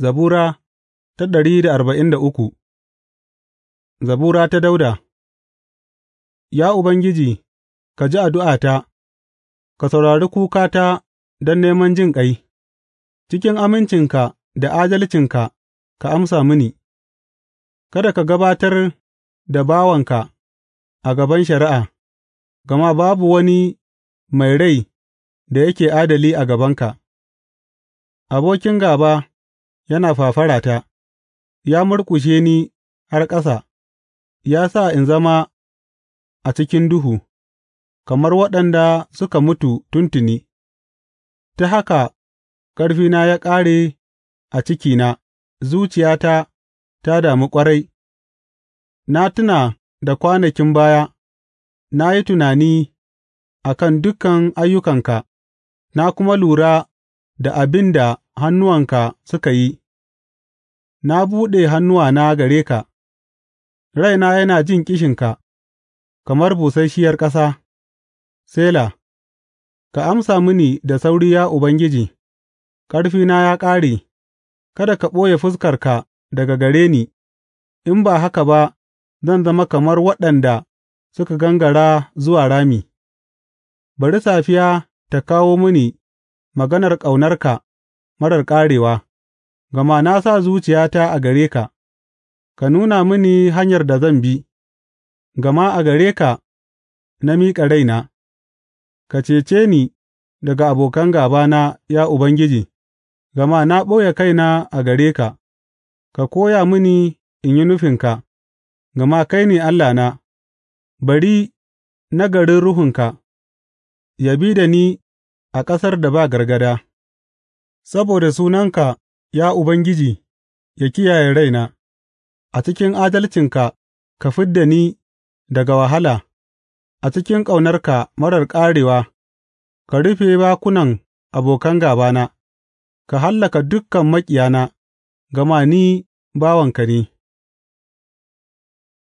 Zabura ta ɗari da arba'in da uku Zabura ta Dauda Ya Ubangiji, ka ji addu'ata, ka saurari kukata don neman jin ƙai. cikin amincinka da adalcinka ka amsa mini, kada ka gabatar da bawanka a gaban shari'a, gama babu wani mai rai da yake adali a gabanka. Abokin gaba yana fafarata; ya murƙushe ni har ƙasa ya sa in zama a cikin duhu, kamar waɗanda suka mutu tuntuni, ta haka ƙarfina ya ƙare a cikina zuciyata ta damu ƙwarai; na tuna da kwanakin baya, na yi tunani a kan dukan ayyukanka na kuma lura da abin da hannuwanka suka yi, na buɗe hannuwana gare ka, raina yana jin ƙishinka kamar busasshiyar ƙasa, Sela Ka amsa mini da sauri, ya Ubangiji, ƙarfina ya ƙare, kada ka ɓoye fuskarka daga gare ni, in ba haka ba zan zama kamar waɗanda suka gangara zuwa rami; bari safiya ta kawo mini maganar ƙaunarka. marar ƙarewa, gama na sa zuciyata a gare ka; ka nuna mini hanyar da zan bi, gama a gare ka na miƙa raina; ka cece ni daga abokan gābana, ya Ubangiji, gama na ɓoye kaina a gare ka; ka koya mini in yi nufinka, gama kai ne Allahna, bari nagarin ruhunka Ya bi da ni a ƙasar da ba gargada. Saboda sunanka, ya Ubangiji, ya kiyaye raina; a cikin adalcinka ka fid da ni daga wahala, a cikin ƙaunarka marar ƙarewa ka rufe bakunan abokan gābana; ka hallaka dukan maƙiyana, gama ni bawanka ne.